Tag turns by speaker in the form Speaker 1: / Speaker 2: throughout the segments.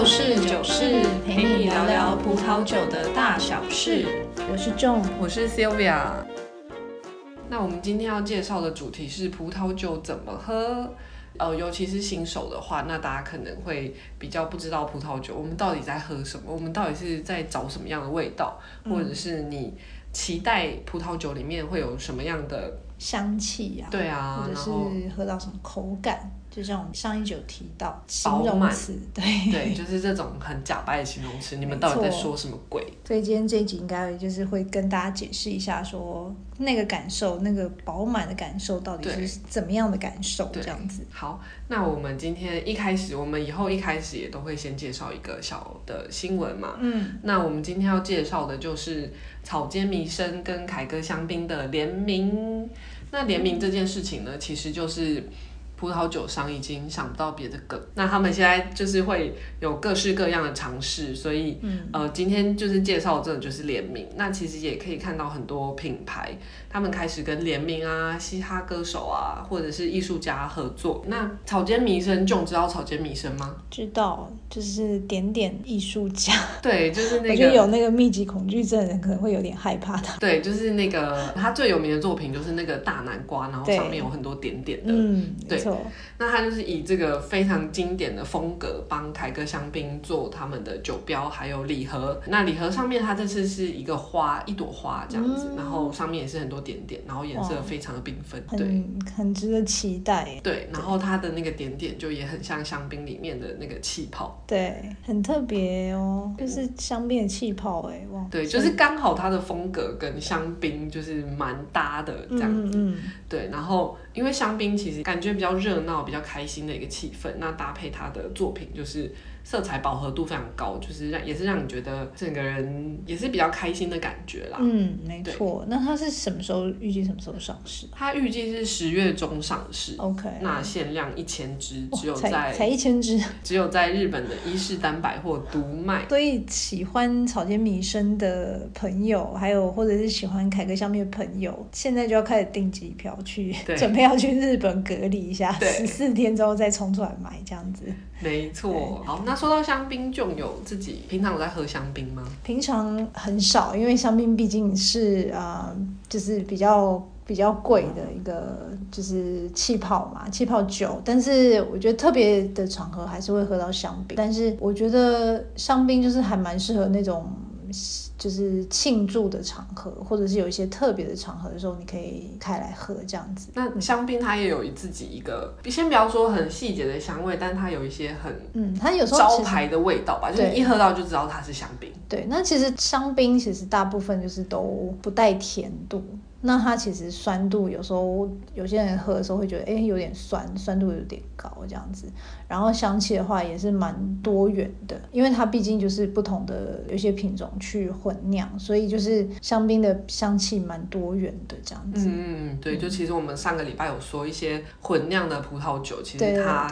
Speaker 1: 就是。酒事，陪你聊聊葡萄酒的大小事。我是 John，我是 Sylvia。
Speaker 2: 那我們今天要介紹的主題是葡萄酒怎麼喝？哦、呃，尤其是新手的話，那大家可能會比較不知道葡萄酒，我們到底在喝什麼？我們到底是在找什麼樣的味道？或者是你期待葡萄酒裡面會有什麼樣的香氣呀、啊？對啊，或者是然後
Speaker 1: 喝到什麼口感？就像我們上一集有提到形容詞，飽滿，對
Speaker 2: 對，就是這種很假白的形容詞，沒錯，你們到底在說什麼鬼？所
Speaker 1: 以今天這一集應該就是會跟大家解釋一下說，說那個感受，那個飽滿的感受到底是怎麼樣的感受？這樣子。好，
Speaker 2: 那我們今天一開始，我們以後一開始也都會先介紹一個小的新聞嘛。嗯，那我們今天要介紹的就是草間彌生跟凱歌香檳的聯名。那聯名這件事情呢，嗯、其實就是。葡萄酒商已經想不到別的梗，那他們現在就是會有各式各樣的嘗試，所以、嗯、呃，今天就是介紹這種就是聯名，那其實也可以看到很多品牌他們開始跟聯名啊、嘻哈歌手啊，或者是藝術家合作。那草間彌生，就你知道草間彌生嗎？
Speaker 1: 知道，就是點點藝術家。對，就是那個有那個密集恐懼症的人可能會有點害怕的。對，
Speaker 2: 就是那個他最有名的作品就是那個大南瓜，然後上面有很多點點的。嗯，對。那他就是以這個非常經典的風格，幫凱歌香檳做他們的酒標，還有禮盒。那禮盒上面，他這次是一個花，一朵花這樣子，嗯、然後上面也是很多點點，然後顏色非常的繽紛，哇對
Speaker 1: 很，很值得期待。
Speaker 2: 對，然後它的那個點點就也很像香檳裡面的那個氣泡，
Speaker 1: 對，很特別哦，就是香檳的氣泡哎，哇，對，就是
Speaker 2: 剛好它的風格跟香檳就是蠻搭的這樣子，嗯嗯、對，然後。因為香檳其實感覺比較熱鬧、比較開心的一個氣氛，那搭配他的作品就是。色彩飽和度非常高，就是讓也是讓你覺得整個人也是比較開心的感覺啦。嗯，沒
Speaker 1: 錯。對那它是什麼時候預計什麼時候上市啊？
Speaker 2: 它預計是十月中上市。OK。那限量一千只，只有在、哦、才，才一千只，只有在日本的伊勢丹百貨獨賣。
Speaker 1: 所以喜歡草間彌生的朋友，還有或者是喜歡凱歌香檳的朋友，現在就要開始訂機票去，對準備要去日本隔離一下，十四對天之後再衝出來買這樣子。
Speaker 2: 沒錯，對好，那說到香檳，就有自己平常有在喝香檳嗎？
Speaker 1: 平常很少，因為香檳畢竟是呃，就是比較比較貴的一個，就是氣泡嘛，嗯、氣泡酒。但是我覺得特別的場合還是會喝到香檳，但是我覺得香檳就是還蠻適合那種。就是慶祝的場合，或者是有一些特別的場合的時候，你可以開來喝這樣子。那
Speaker 2: 香檳它也有自己一個，嗯、你先不要說很細節的香味，但它有一些很嗯，
Speaker 1: 它有時候招牌
Speaker 2: 的味道吧，嗯、就你一喝到就知道它是香檳。
Speaker 1: 對，那其實香檳其實大部分就是都不帶甜度。那它其實酸度有時候有些人喝的時候會覺得，哎、欸，有點酸，酸度有點高這樣子。然後香氣的話也是蠻多元的，因為它畢竟就是不同的有些品種去混釀，所以就是香檳的香氣蠻多元的這樣子。
Speaker 2: 嗯對，就其實我們上個禮拜有說一些混釀的葡萄酒，其實它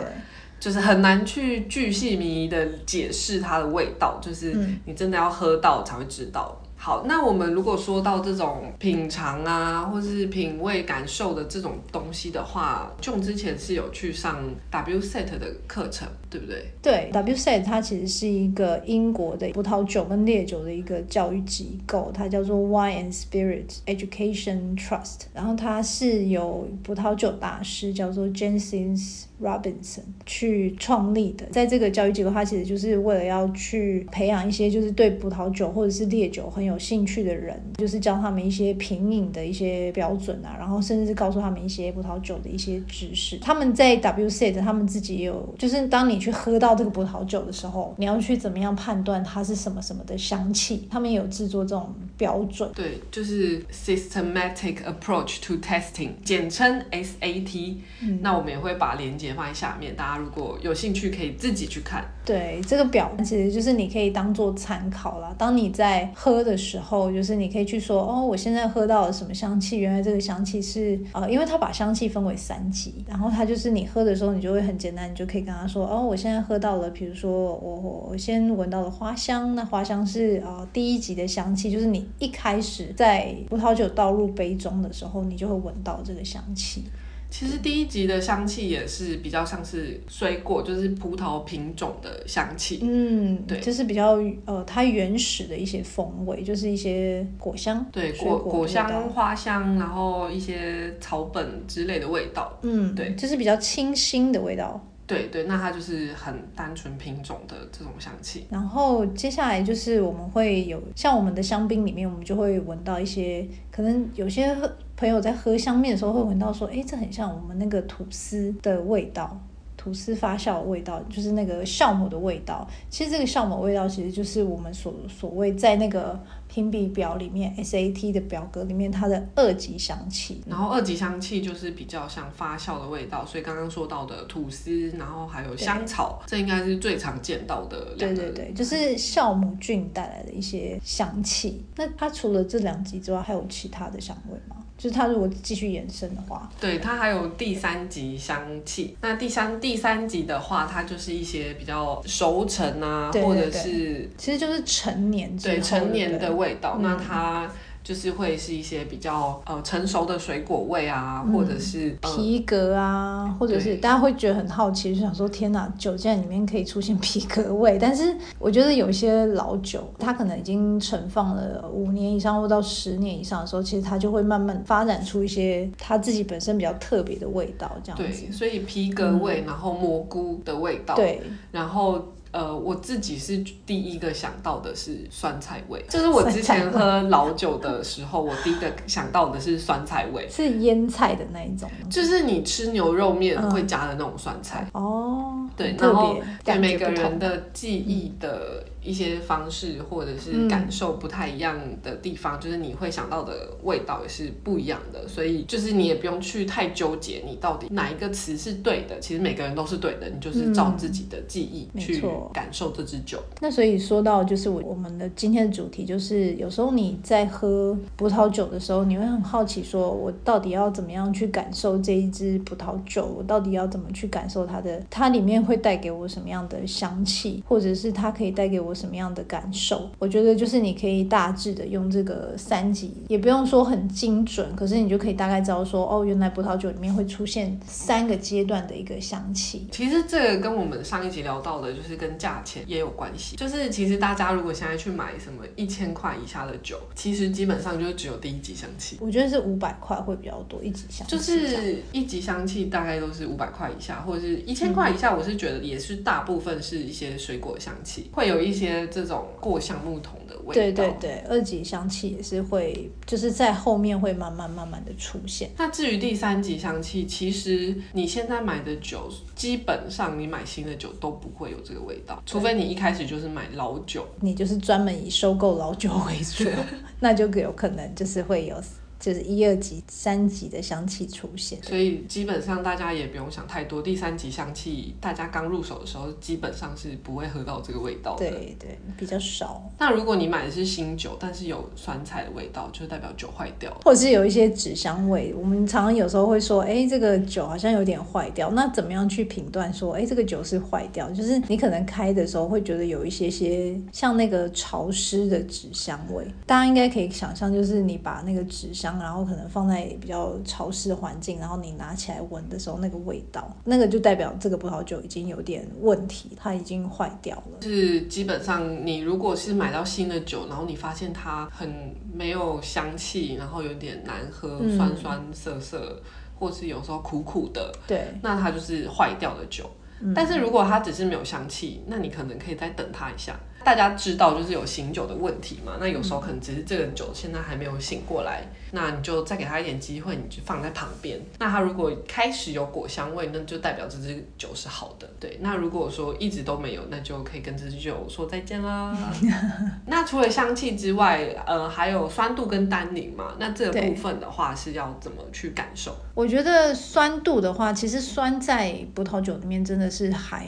Speaker 2: 就是很難去巨細靡的解釋它的味道，就是你真的要喝到才會知道。好，那我們如果說到這種品嘗啊，或者是品味感受的這種東西的話，就之前是有去上 WSET 的課程，對不
Speaker 1: 對？對，WSET 它其實是一個英國的葡萄酒跟烈酒的一個教育機構，它叫做 Wine and Spirit Education Trust，然後它是有葡萄酒大師叫做 Jancis Robinson 去創立的。在這個教育機構，他其實就是為了要去培養一些就是對葡萄酒或者是烈酒很有興趣的人，就是教他們一些品飲的一些標準啊，然後甚至是告訴他們一些葡萄酒的一些知識。他們在 WSET，他們自己也有，就是當你去喝到這個葡萄酒的時候，你要去怎麼樣判斷它是什麼什麼的香氣，他們也有製作這種。標
Speaker 2: 準，對，就是 Systematic Approach to Tasting，簡稱 SAT、嗯。那我們也會把鏈接放在下面，大家如果有興趣可以自己去看。
Speaker 1: 對，這個表其實就是你可以當做參考啦。當你在喝的時候，就是你可以去說，哦，我現在喝到了什麼香氣？原來這個香氣是呃，因為它把香氣分為三級，然後它就是你喝的時候，你就會很簡單，你就可以跟他說，哦，我現在喝到了，比如說我、哦、我先聞到了花香，那花香是呃第一級的香氣，就是你。一開始在葡萄酒倒入杯中的時候，你就會聞到這個香氣。
Speaker 2: 其實第一集的香氣也是比較像是水果，就
Speaker 1: 是葡萄品種的香氣。嗯，對，就是比較呃它原始的一些風味，就是一些果香。對，果果，果香、花香，然後一些
Speaker 2: 草本之類的味道。嗯，對，就
Speaker 1: 是比較清新的味道。
Speaker 2: 對對，那它就是很單純品種的這種香氣。
Speaker 1: 然後接下來就是我們會有像我們的香檳裡面，我們就會聞到一些，可能有些朋友在喝香檳的時候會聞到，說，哎，這很像我們那個吐司的味道。吐司發酵的味道，就是那個酵母的味道。其實這個酵母的味道，其實就是我們所所謂在那個評比表裡面，SAT 的表格裡面它的二級香氣。然
Speaker 2: 後二級香氣就是比較像發酵的味道，所以剛剛說到的吐司，然後還有香草，對這應該是最常見到的。
Speaker 1: 對對對，就是酵母菌帶來的一些香氣。那它除了這兩級之外，還有其他的香味嗎？就是它，如果繼續延伸的話，對，對它
Speaker 2: 還有第三級香氣。那第三第三級的話，它就是一些比較熟成啊，對或者是對
Speaker 1: 對對，其實就是陳年對，陳年的味道。對那它。
Speaker 2: 嗯就是會是一些比較呃成熟的水果味啊，或者是、嗯、皮
Speaker 1: 革啊，或者是對大家會覺得很好奇，就想說天哪，酒竟然裡面可以出現皮革味。嗯、但是我覺得有一些老酒，它可能已經存放了五年以上或到十年以上的時候，其實它就會慢慢發展出一些它自己本身比較特別的味道。這樣子，對，
Speaker 2: 所以皮革味，嗯、然後蘑菇的味道，對，然後。呃，我自己是第一個想到的是酸菜味，就是我之前喝老酒的時候，我第一個想到的是酸菜味， 是
Speaker 1: 醃菜的那一種，
Speaker 2: 就是你吃牛肉麵會加的那種酸菜。哦、嗯，對，那裡，對，每個人的記憶的。嗯一些方式或者是感受不太一樣的地方，嗯，就是你會想到的味道也是不一樣的，所以就是你也不用去太糾結，你到底哪一個詞是對的，其實每個人都是對的，你就是照自己的記憶去感受這支酒。嗯，
Speaker 1: 那所以說到就是我我們的今天的主題就是，有時候你在喝葡萄酒的時候，你會很好奇，說我到底要怎麼樣去感受這一支葡萄酒，我到底要怎麼去感受它的，它裡面會帶給我什麼樣的香氣，或者是它可以帶給我。什麼樣的感受？我覺得就是你可以大致的用這個三級，也不用說很精準，可是你就可以大概知道說，哦，原來葡萄酒裡面會出現三個階段的一個香氣。其實這個跟我
Speaker 2: 們上一集聊到的，就是跟價錢也有關係。就是其實大家如果現在去買什麼一千塊以下的酒，其實基本上就是只有第一級香氣。
Speaker 1: 我覺得是五百塊會比較多，一級香氣就是
Speaker 2: 一級香氣大概都是五百塊以下，或者是一千塊以下。我是覺得也是大部分是一些水果香氣，會有一。這些這種過橡木桶
Speaker 1: 的味道，對對對，二級香氣也是會，就是在後面會慢慢慢慢的出現。那
Speaker 2: 至於第三級香氣，其實你現在買的酒，基本上你買新的酒都不會有這個味道，除非你一開始就是買老酒，
Speaker 1: 你就是專門以收購老酒為主， 那就有可能就是會有。就是一二級、三級的香氣出現，所以
Speaker 2: 基本上大家也不用想太多。第三級香氣，大家剛入手的時候，基本上是不會喝到這個味道的。對
Speaker 1: 對，比較少。那
Speaker 2: 如果你買的是新酒，但是有酸菜的味道，就代表酒壞掉
Speaker 1: 或者是有一些紙香味。我們常常有時候會說，哎、欸，這個酒好像有點壞掉。那怎麼樣去評斷說，哎、欸，這個酒是壞掉？就是你可能開的時候會覺得有一些些像那個潮濕的紙香味。大家應該可以想象，就是你把那個紙箱，然後可能放在比較潮濕的環境，然後你拿起來聞的時候，那個味道，那個就代表這個葡萄酒已經有點問題，它已經壞掉
Speaker 2: 了。是基本上你如果是買到新的酒，然後你發現它很沒有香氣，然後有點難喝，酸酸澀澀，嗯、或是有時候苦苦的，對，那它就是壞掉的酒。嗯、但是如果它只是沒有香氣，那你可能可以再等它一下。大家知道就是有醒酒的問題嘛，那有時候可能只是這個酒現在還沒有醒過來，嗯、那你就再給他一點機會，你就放在旁邊。那他如果開始有果香味，那就代表這支酒是好的。對，那如果說一直都沒有，那就可以跟這支酒說再見啦。 那除了香氣之外，呃，還有酸度跟單寧嘛？那這個部分的話是要怎麼去感
Speaker 1: 受？我覺得酸度的話，其實酸在葡萄酒裡面真的是還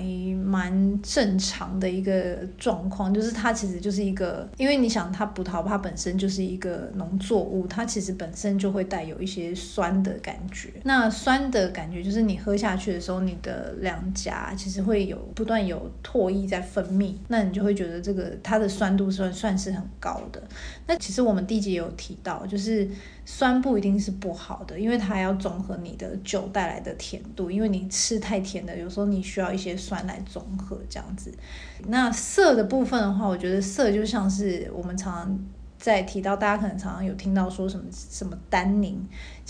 Speaker 1: 蠻正常的一個狀況。就是它其實就是一個，因為你想它葡萄，它本身就是一個農作物，它其實本身就會帶有一些酸的感覺。那酸的感覺就是你喝下去的時候，你的兩頰其實會有不斷有唾液在分泌，那你就會覺得這個它的酸度算算是很高的。那其實我們第一集也有提到，就是。酸不一定是不好的，因為它要綜合你的酒帶來的甜度，因為你吃太甜的，有時候你需要一些酸來綜合這樣子。那澀的部分的話，我覺得澀就像是我們常常在提到，大家可能常常有聽到說什麼什麼單寧。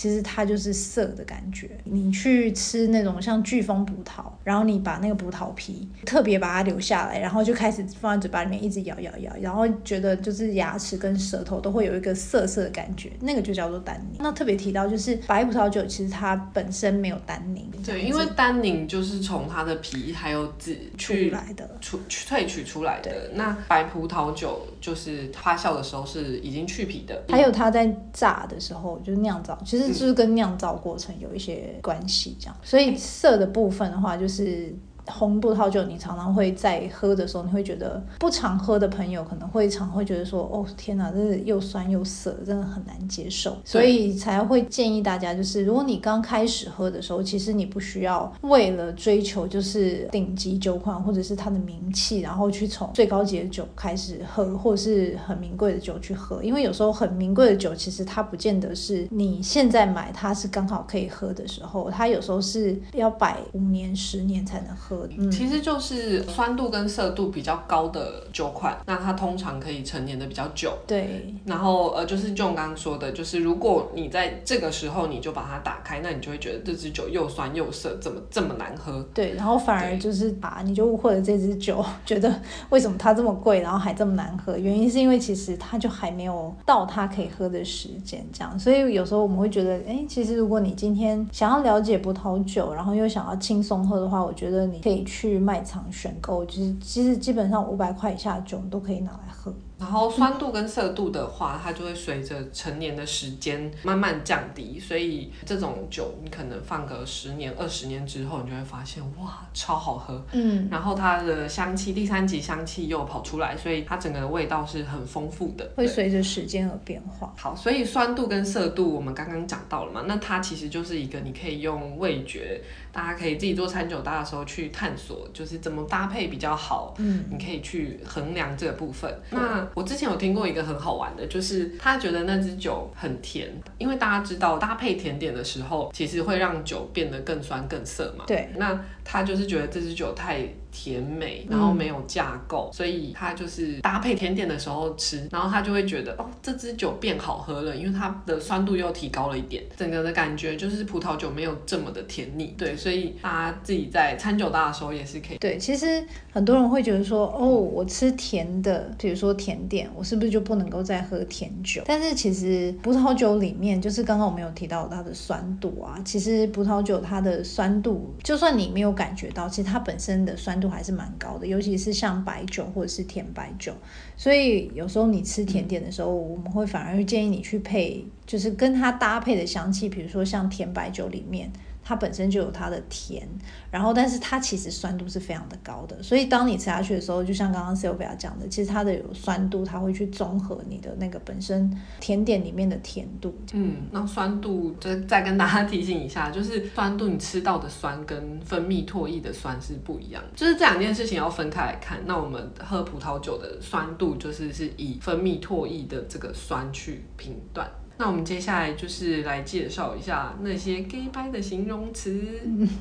Speaker 1: 其實它就是澀的感覺。你去吃那種像巨峰葡萄，然後你把那個葡萄皮特別把它留下來，然後就開始放在嘴巴裡面一直咬咬咬，然後覺得就是牙齒跟舌頭都會有一個澀澀的感覺，那個就叫做單寧。那特別提到就是白葡萄酒，其實它本身沒有單寧。對，因為
Speaker 2: 單寧就是從它的皮還有籽出來的，萃萃取,取出來的。對那白葡萄酒就是發酵的時候是已經去皮的，嗯、還
Speaker 1: 有它在榨的時候就是釀造，其實。就是跟釀造過程有一些關係，這樣，所以色的部分的話，就是。紅葡萄酒，你常常會在喝的時候，你會覺得不常喝的朋友可能會常會覺得說，哦天哪，真的又酸又澀，真的很難接受，所以才會建議大家，就是如果你剛開始喝的時候，其實你不需要為了追求就是頂級酒款或者是它的名氣，然後去從最高級的酒開始喝，或者是很名貴的酒去喝，因為有時候很名貴的酒，其實它不見得是你現在買它是剛好可以喝的時候，它有時候是要擺五年、十年才能喝。其實
Speaker 2: 就是酸度跟澀度比較高的酒款，嗯、那它通常可以陳年的比較久。
Speaker 1: 對。
Speaker 2: 然後呃，就是就我剛剛說的，就是如果你在這個時候你就把它打開，那你就會覺得這支酒又酸又澀，怎麼這麼難喝？
Speaker 1: 對。然後反而就是把，你就誤會了這支酒，覺得為什麼它這麼貴，然後還這麼難喝？原因是因為其實它就還沒有到它可以喝的時間，這樣。所以有時候我們會覺得，哎，其實如果你今天想要了解葡萄酒，然後又想要輕鬆喝的話，我覺得你。可以去賣場選購，就是，其實基本上五百塊以下的酒都可以拿來喝。
Speaker 2: 然後酸度跟澀度的話，嗯、它就會隨着陳年的時間慢慢降低，所以這種酒你可能放個十年、二十年之後，你就會發現哇，超好喝。嗯。然後它的香氣，第三級香氣又跑出來，所以它整個味道是很豐富的。會隨
Speaker 1: 着時間而變化。好，
Speaker 2: 所以酸度跟澀度我們剛剛講到了嘛，那它其實就是一個你可以用味覺，大家可以自己做餐酒搭的時候去探索，就是怎麼搭配比較好。嗯。你可以去衡量這個部分。嗯、那。我之前有聽過一個很好玩的，就是他覺得那支酒很甜，因為大家知道搭配甜點的時候，其實會讓酒變得更酸更澀嘛。對，那他就是覺得這支酒太。甜美，然後沒有架構，嗯、所以它就是搭配甜點的時候吃，然後他就會覺得哦，這支酒變好喝了，因為它的酸度又提高了一點，整個的感覺就是葡萄酒沒有這麼的甜膩，對，所以他自己在餐酒搭的時候也是可以。
Speaker 1: 對，其實很多人會覺得說，哦，我吃甜的，比如說甜點，我是不是就不能夠再喝甜酒？但是其實葡萄酒裡面就是剛剛我沒有提到的它的酸度啊，其實葡萄酒它的酸度，就算你沒有感覺到，其實它本身的酸。度還是蠻高的，尤其是像白酒或者是甜白酒，所以有時候你吃甜點的時候，嗯、我們會反而建議你去配，就是跟它搭配的香氣，比如說像甜白酒裡面。它本身就有它的甜，然後但是它其實酸度是非常的高的，所以當你吃下去的時候，就像剛剛 Sylvia 講的，其實它的有酸度，它會去綜合你的那個本身甜點裡面的甜度。嗯，那酸度再再跟大家
Speaker 2: 提醒一下，就是酸度你吃到的酸跟分泌唾液的酸是不一樣，就是這兩件事情要分開來看。那我們喝葡萄酒的酸度就是是以分泌唾液的這個酸去評斷。那我們接下來就是來介紹一下那些假掰的形容詞。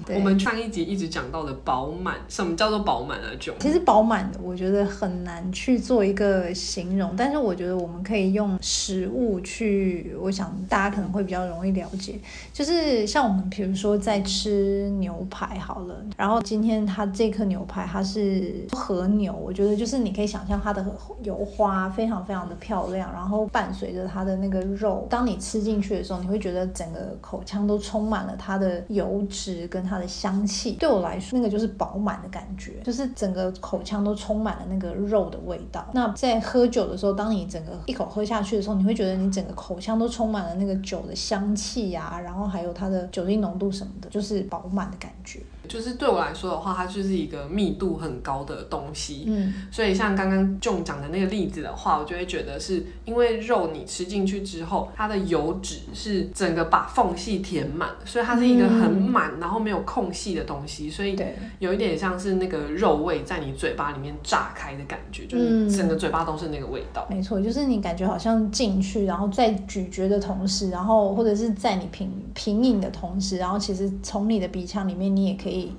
Speaker 1: 我們上
Speaker 2: 一集一直講到的飽滿，什麼叫做飽滿而、啊、
Speaker 1: 就其實飽滿，我覺得很難去做一個形容，但是我覺得我們可以用食物去，我想大家可能會比較容易了解。就是像我們，比如說在吃牛排好了，然後今天它這顆牛排它是和牛，我覺得就是你可以想象它的油花非常非常的漂亮，然後伴隨着它的那個肉。當你吃進去的時候，你會覺得整個口腔都充滿了它的油脂跟它的香氣。對我來說，那個就是飽滿的感覺，就是整個口腔都充滿了那個肉的味道。那在喝酒的時候，當你整個一口喝下去的時候，你會覺得你整個口腔都充滿了那個酒的香氣呀、啊，然後還有它的酒精濃度什麼的，就是飽滿的感覺。
Speaker 2: 就是對我來說的話，它就是一個密度很高的東西。嗯，所以像剛剛 John 講的那個例子的話，我就會覺得是因為肉你吃進去之後。它的油脂是整個把縫隙填滿，所以它是一個很滿，然後沒有空隙的東西，所以有一點像是那個肉味在你嘴巴裡面炸開的感覺，就是整個嘴巴都是那個味道。嗯，
Speaker 1: 沒錯，就是你感覺好像進去，然後在咀嚼的同時，然後或者是在你品品飲的同時，然後其實從你的鼻腔裡面，你也可以。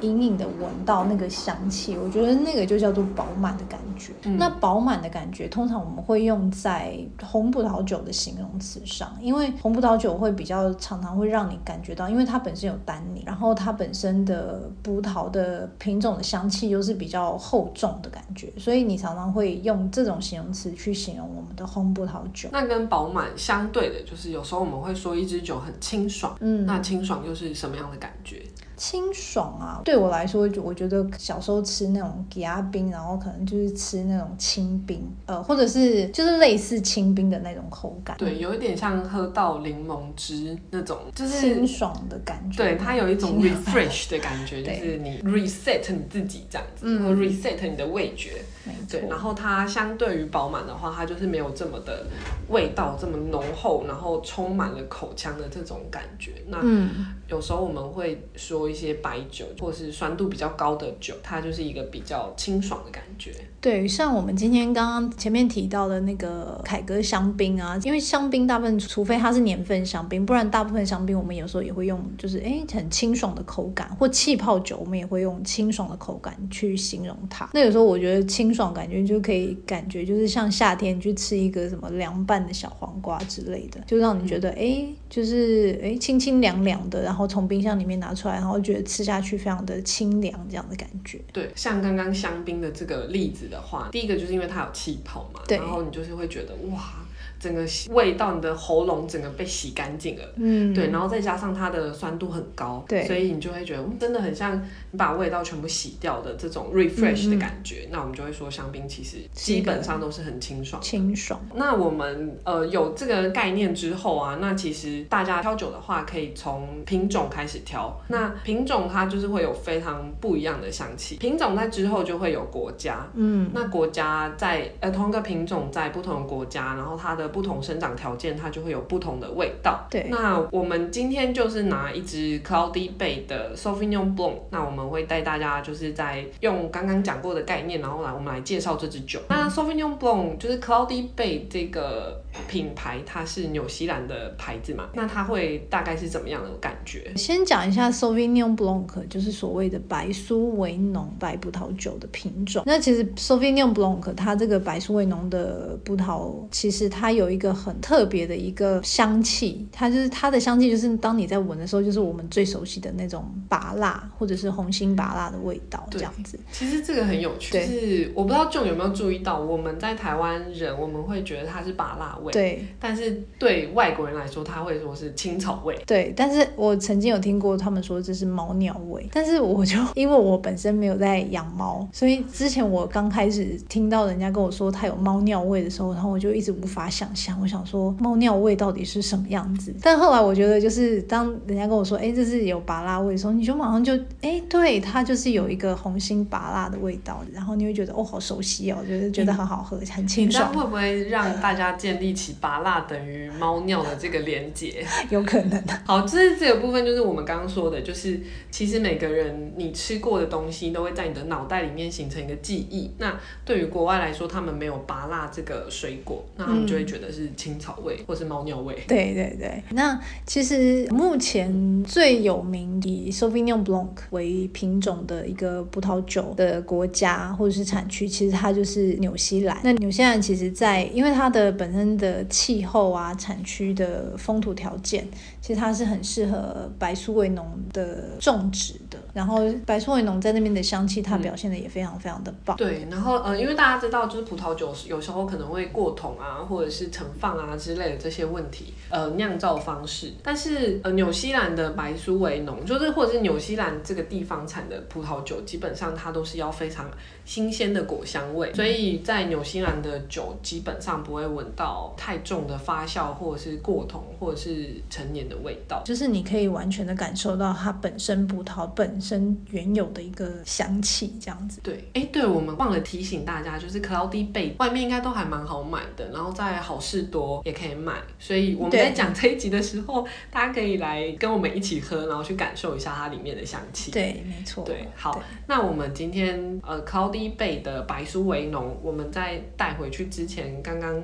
Speaker 1: 隱隱的聞到那個香氣，我覺得那個就叫做飽滿的感覺。嗯，那飽滿的感覺，通常我們會用在紅葡萄酒的形容詞上，因為紅葡萄酒會比較常常會讓你感覺到，因為它本身有單寧，然後它本身的葡萄的品種的香氣又是比較厚重的感覺，所以你常常會用這種形容詞去形容我們的紅葡萄酒。
Speaker 2: 那跟飽滿相對的，就是有時候我們會說一支酒很清爽。嗯，那清爽又是什麼樣的感覺？
Speaker 1: 清爽啊，對我來說，我覺得小時候吃那種枝仔冰，然後可能就是吃那種清冰，呃，或者是就是類似清冰的那種口感。對，
Speaker 2: 有一點像喝到檸檬汁那種，就是清
Speaker 1: 爽的感覺。對，它有一種 refresh 的
Speaker 2: 感覺，感覺就是你 reset 你自己這樣子對，然後 reset 你的味覺。嗯、對，錯然後它相對於飽滿的話，它就是沒有這麼的味道這麼濃厚，然後充滿了口腔的這種感覺。那嗯。有時候我們會說一些白酒，或者是酸度比較高的酒，它就是一個比較清爽的感覺。
Speaker 1: 對，像我們今天剛剛前面提到的那個凱歌香檳啊，因為香檳大部分，除非它是年份香檳，不然大部分香檳我們有時候也會用，就是誒、欸、很清爽的口感，或氣泡酒我們也會用清爽的口感去形容它。那有時候我覺得清爽感覺就可以感覺就是像夏天去吃一個什麼涼拌的小黃瓜之類的，就讓你覺得哎、嗯欸、就是哎、欸、清清涼涼的，然後。然後從冰箱裡面拿出來，然後覺得吃下去非常的清涼，這樣的感覺。對，
Speaker 2: 像剛剛香檳的這個例子的話，第一個就是因為它有氣泡嘛，對然後你就是會覺得哇。整個味道，你的喉嚨整個被洗乾淨了，嗯，對，然後再加上它的酸度很高，對，所以你就會覺得真的很像你把味道全部洗掉的這種 refresh 的感覺。嗯嗯，那我們就會說，香檳其實基本上都是很清爽，
Speaker 1: 清爽。那
Speaker 2: 我們呃有這個概念之後啊，那其實大家挑酒的話，可以從品種開始挑。那品種它就是會有非常不一樣的香氣。品種在之後就會有國家，嗯，那國家在呃同一個品種在不同的國家，然後它的。不同生長條件，它就會有不同的味道。對，那我們今天就是拿一支 Cloudy Bay 的 Sauvignon Blanc，那我們會帶大家就是在用剛剛講過的概念，然後來我們來介紹這支酒。那 Sauvignon Blanc 就是 Cloudy Bay 這個品牌，它是紐西蘭的牌子嘛，那它會大概是怎麼樣的感覺？
Speaker 1: 先講一下 Sauvignon Blanc，就是所謂的白蘇維濃白葡萄酒的品種。那其實 Sauvignon Blanc 它這個白蘇維濃的葡萄，其實它。有一個很特別的一個香氣，它就是它的香氣，就是當你在聞的時候，就是我們最熟悉的那種芭樂或者是紅心芭樂的味道，這樣子。其
Speaker 2: 實這個很有趣，對是我不知道 John 有沒有注意到，我們在台灣人我們會覺得它是芭樂味，對。但是對外國人來說，他會說是青草味，
Speaker 1: 對。但是我曾經有聽過他們說這是貓尿味，但是我就因為我本身沒有在養貓，所以之前我剛開始聽到人家跟我說它有貓尿味的時候，然後我就一直無法想。想，我想說貓尿味到底是什麼樣子？但後來我覺得，就是當人家跟我說，哎、欸，這是有芭樂味的時候，你就馬上就，哎、欸，對，它就是有一個紅心芭樂的味道，然後你會覺得，哦，好熟悉哦，就是覺得很好喝，欸、很清爽。會不
Speaker 2: 會讓大家建立起芭樂等於貓尿的這個連結？嗯、
Speaker 1: 有可能。好，這是這個
Speaker 2: 部分，就是我們剛剛說的，就是其實每個人你吃過的東西，都會在你的腦袋裡面形成一個記憶。那對於國外來說，他們沒有芭樂這個水果，那他們就會覺得。是青草味，或是貓尿味。
Speaker 1: 對對對，那其實目前最有名以 Sauvignon Blanc 為品種的一個葡萄酒的國家或者是產區，其實它就是紐西蘭。那紐西蘭其實在，在因為它的本身的氣候啊，產區的風土條件。其實它是很適合白蘇維濃的種植的，然後白蘇維濃在那邊的香氣，它表現的也非常非常的棒。嗯、對，然後呃，因為大
Speaker 2: 家知道，就是葡萄酒有時候可能會過桶啊，或者是陳放啊之類的這些問題，呃，釀造方式。但是呃，紐西蘭的白蘇維濃，就是或者是紐西蘭這個地方產的葡萄酒，基本上它都是要非常新鮮的果香味，所以在紐西蘭的酒基本上不會聞到太重的發酵或者是過桶或者是陳年的。味道就
Speaker 1: 是你可以完全的感受到它本身葡萄本身原有的一個香氣，這樣子。對，
Speaker 2: 誒、欸，對，我們忘了提醒大家，就是 Cloudy Bay 外面應該都還蠻好買的，然後在好市多也可以買。所以我們在講這一集的時候，對大家可以來跟我們一起喝，然後去感受一下它裡面的香氣。對，沒錯。對，好，對那我們今天呃 Cloudy Bay 的白蘇維濃，我們在帶回去之前，剛剛。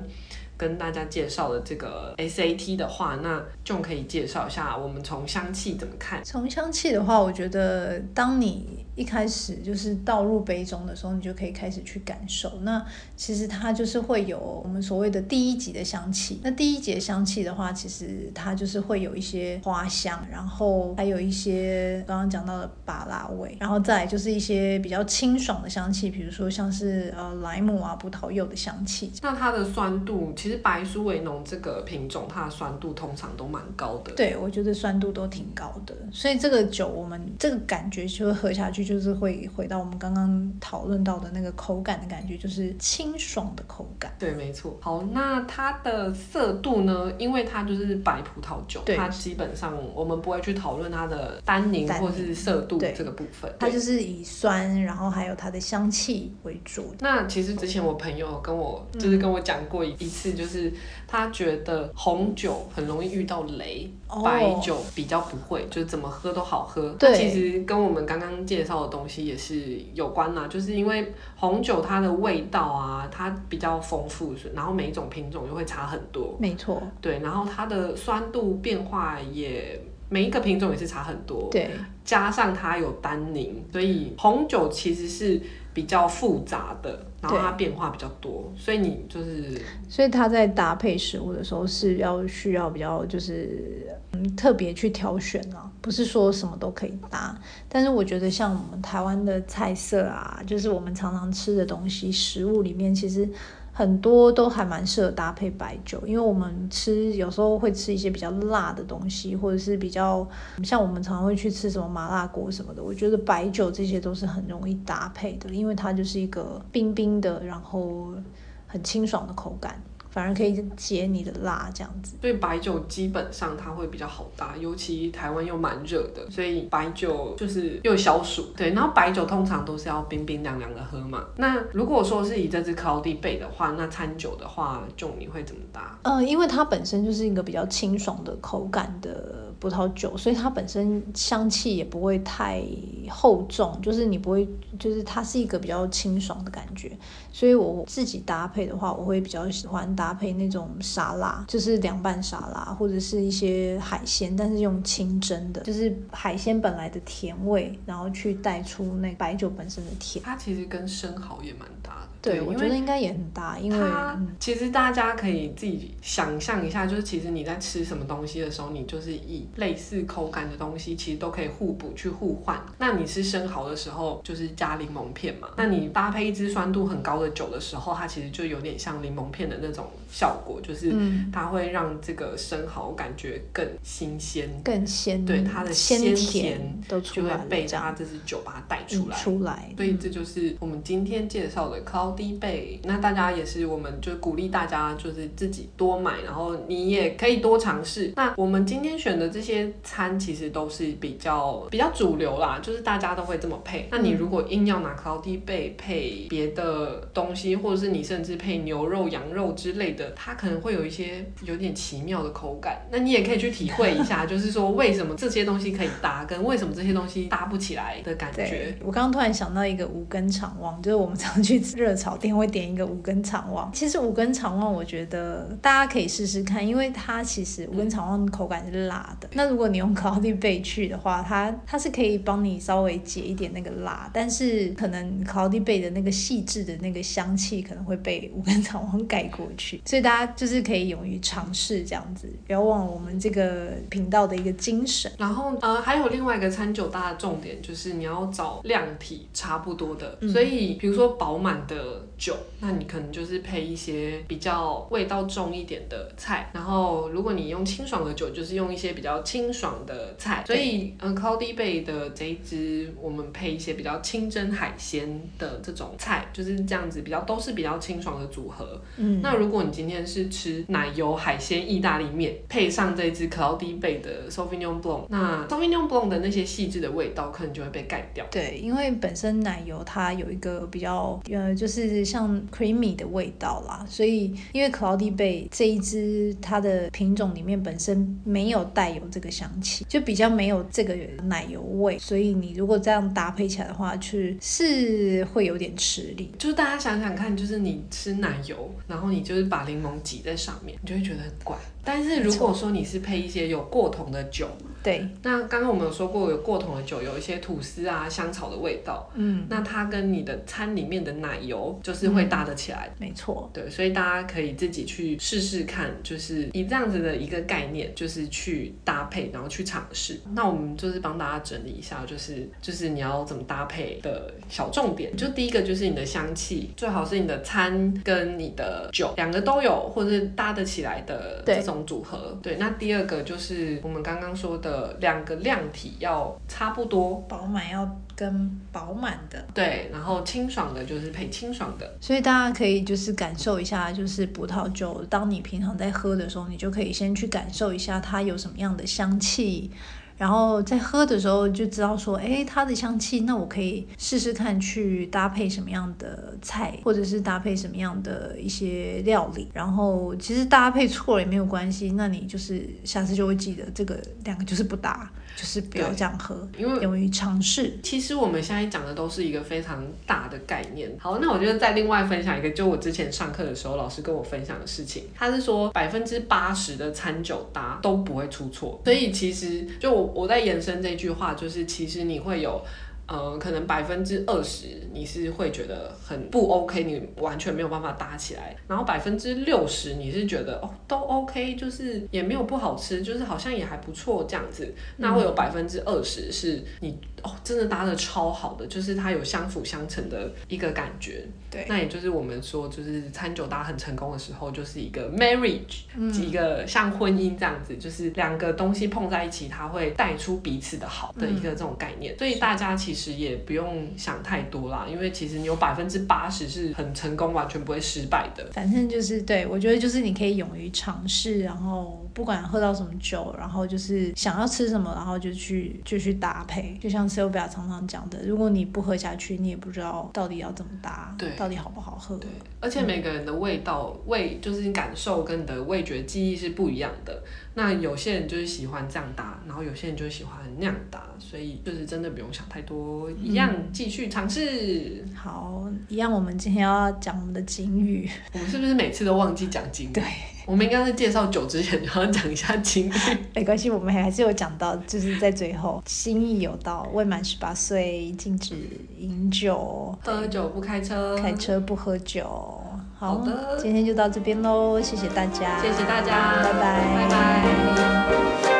Speaker 2: 跟大家介紹的這個 SAT 的話，那就可以介紹一下我們從香氣
Speaker 1: 怎麼看。從香氣的話，我覺得當你一開始就是倒入杯中的時候，你就可以開始去感受。那其實它就是會有我們所謂的第一級的香氣。那第一級的香氣的話，其實它就是會有一些花香，然後還有一些剛剛講到的芭樂味，然後再就是一些比較清爽的香氣，比如說像是呃萊姆啊、葡萄柚的香氣。那它的酸度。其實
Speaker 2: 白蘇維濃這個
Speaker 1: 品種，它的酸度通常都蠻高的。對，我覺得酸度都挺高的，所以這個酒我們這個感覺就是喝下去，就是會回到我們剛剛討論到的那個口感的感覺，就是清爽的口感。
Speaker 2: 對，沒錯。好，那它的澀度呢？因為它就是白葡萄酒，對它基本上我們不會去討論它的單寧或是澀
Speaker 1: 度寧這個部分，對它就是以酸，然後還有它的香氣為主。
Speaker 2: 那其實之前我朋友跟我就是跟我講過一次。嗯就是他覺得紅酒很容易遇到雷，oh. 白酒比較不會，就是怎麼喝都好喝。對其實跟我們剛剛介紹的東西也是有關啦、啊，就是因為紅酒它的味道啊，它比較豐富，然後每一種品種又會差很多。
Speaker 1: 沒錯錯，
Speaker 2: 對，然後它的酸度變化也每一個品種也是差很多。
Speaker 1: 對，
Speaker 2: 加上它有單寧，所以紅酒其實是。比較複雜的，然後它變化比較多，對所以你就是，
Speaker 1: 所以它在搭配食物的時候是要需要比較就是嗯特別去挑選呢、啊，不是說什麼都可以搭，但是我覺得像我們台灣的菜色啊，就是我們常常吃的東西，食物裡面其實。很多都還蠻適合搭配白酒，因為我們吃有時候會吃一些比較辣的東西，或者是比較，像我們常常會去吃什麼麻辣鍋什麼的。我覺得白酒這些都是很容易搭配的，因為它就是一個冰冰的，然後很清爽的口感。反而可以解你的辣，這樣子。
Speaker 2: 對白酒基本上它會比較好搭，尤其台灣又蠻熱的，所以白酒就是又消暑。對，然後白酒通常都是要冰冰涼涼的喝嘛。那如果說是以這支 Cloudy Bay 的話，那餐酒的話，就你會怎麼搭？嗯、
Speaker 1: 呃，因為它本身就是一個比較清爽的口感的。葡萄酒，所以它本身香氣也不會太厚重，就是你不會，就是它是一個比較清爽的感覺。所以我自己搭配的話，我會比較喜歡搭配那種沙拉，就是涼拌沙拉或者是一些海鮮，但是用清蒸的，就是海鮮本來的甜味，然後去帶出那白酒本身的甜。它其實跟生蠔也蠻搭
Speaker 2: 的。對，我覺得應該也很搭，因為其實大家可以自己想象一下，就是其實你在吃什麼東西的時候，你就是一。類似口感的東西其實都可以互補去互換。那你吃生蠔的時候，就是加檸檬片嘛？嗯、那你搭配一支酸度很高的酒的時候，它其實就有點像檸檬片的那種效果，就是它會讓這個生蠔感覺更新鮮、
Speaker 1: 更鮮鮮。對，它的鮮甜都會被
Speaker 2: 它這支酒把它帶出來。出來。嗯、出來，所以這就是我們今天介紹的 Cloudy Bay。那大家也是，我們就鼓勵大家就是自己多買，然後你也可以多嘗試。那我們今天選的。這些餐其實都是比較比較主流啦，就是大家都會這麼配。那你如果硬要拿 Cloudy Bay 配別的東西，或者是你甚至配牛肉、羊肉之類的，它可能會有一些有點奇妙的口感。那你也可以去體會一下，就是說為什麼這些東西可
Speaker 1: 以搭，跟為什麼這些東西搭不起來的感覺。我剛剛突然想到一個五更腸旺，就是我們常去熱炒店會點一個五更腸旺。其實五更腸旺，我覺得大家可以試試看，因為它其實五更腸旺的口感是辣的。那如果你用 Cloudy Bay 去的話，它它是可以幫你稍微解一點那個辣，但是可能 Cloudy Bay 的那個細緻的那個香氣可能會被五更腸旺蓋過去，所以大家就是可以勇於嘗試這樣子，不要忘了我們這個頻道的一個精神。然後
Speaker 2: 呃、還有另外一個餐酒搭的重點，嗯、就是你要找量體差不多的，所以比如說飽滿的。酒，那你可能就是配一些比較味道重一點的菜，然後如果你用清爽的酒，就是用一些比較清爽的菜。所以，嗯 Cloudy Bay 的這一支，我們配一些比較清蒸海鮮的這種菜，就是這樣子，比較都是比較清爽的組合。嗯，那如果你今天是吃奶油海鮮意大利麵，配上這一支 Cloudy Bay 的 Sauvignon Blanc，那 Sauvignon Blanc 的那些細緻的味道可能就會被蓋掉。
Speaker 1: 對，因為本身奶油它有一個比較，呃，就是。像 creamy 的味道啦，所以因為 Cloudy Bay 這一支它的品種裡面本身沒有帶有這個香氣，就比較沒有這個奶油味，所以你如果這樣搭配起來的話，去是會有點吃力。
Speaker 2: 就是大家想想看，就是你吃奶油，然後你就是把檸檬擠在上面，你就會覺得很怪。但是如果說你是配一些有過桶的酒，
Speaker 1: 對，沒錯，那
Speaker 2: 剛剛我們有說過有過桶的酒有一些吐司啊、香草的味道，嗯，那它跟你的餐裡面的奶油就是會搭得起來，嗯、沒錯，對，所以大家可以自己去試試看，就是以這樣子的一個概念，就是去搭配，然後去嘗試。那我們就是幫大家整理一下，就是就是你要怎麼搭配的小重點，就第一個就是你的香氣，最好是你的餐跟你的酒兩個都有，或者是搭得起來的這種。組合對，那第二個就是我們剛剛說的兩個量體要
Speaker 1: 差不多，飽滿要跟飽滿的，
Speaker 2: 對，然後清爽的就是配清爽的，
Speaker 1: 所以大家可以就是感受一下，就是葡萄酒，當你平常在喝的時候，你就可以先去感受一下它有什麼樣的香氣。然後在喝的時候就知道說，哎，它的香氣，那我可以試試看去搭配什麼樣的菜，或者是搭配什麼樣的一些料理。然後其實搭配錯了也沒有關係，那你就是下次就會記得這個兩個就是不搭。就是不要這樣喝，因為勇於嘗試。
Speaker 2: 其實我們現在講的都是一個非常大的概念。好，那我就得再另外分享一個，就我之前上課的時候，老師跟我分享的事情，他是說百分之八十的餐酒搭都不會出錯。所以其實就我我在延伸這句話，就是其實你會有。呃，可能百分之二十你是會覺得很不 OK，你完全沒有辦法搭起來。然後百分之六十你是覺得哦都 OK，就是也沒有不好吃，就是好像也還不錯這樣子。那會有百分之二十是你哦真的搭得超好的，就是它有相輔相成的一個感覺。對，那也就是我們說就是餐酒搭很成功的時候，就是一個 marriage，一個像婚姻這樣子，就是兩個東西碰在一起，它會帶出彼此的好的一個這種概念。所以大家其實。其實也不用想太多啦，因為其實你有百分之八十是很成功，完全不會失敗的。
Speaker 1: 反正就是對，我覺得就是你可以勇於嘗試，然後不管喝到什麼酒，然後就是想要吃什麼，然後就去就去搭配。就像 Silvia 常常講的，如果你不喝下去，你也不知道到底要怎麼搭，對，到底好不好喝。對，而且每
Speaker 2: 個人的味道、嗯、味就是你感受跟你的味覺記憶是不一樣的。那有些人就是喜歡這樣搭，然後有些人就喜歡那樣搭，所以就是真的不用想太多。一樣繼續嘗試，嗯，好，
Speaker 1: 一樣。我們今天要講我們的禁語。
Speaker 2: 我們是不是每次都忘記講禁語？對，我們
Speaker 1: 應該在介紹酒之前就要講一下禁語。沒關係，我們還是有講到，就是在最後，心意有到。未滿十八歲禁止飲酒，喝酒不開車，開車不喝酒。好，好的，今天就到這邊嘍，謝謝大家，謝謝大家，拜拜，拜拜。拜拜。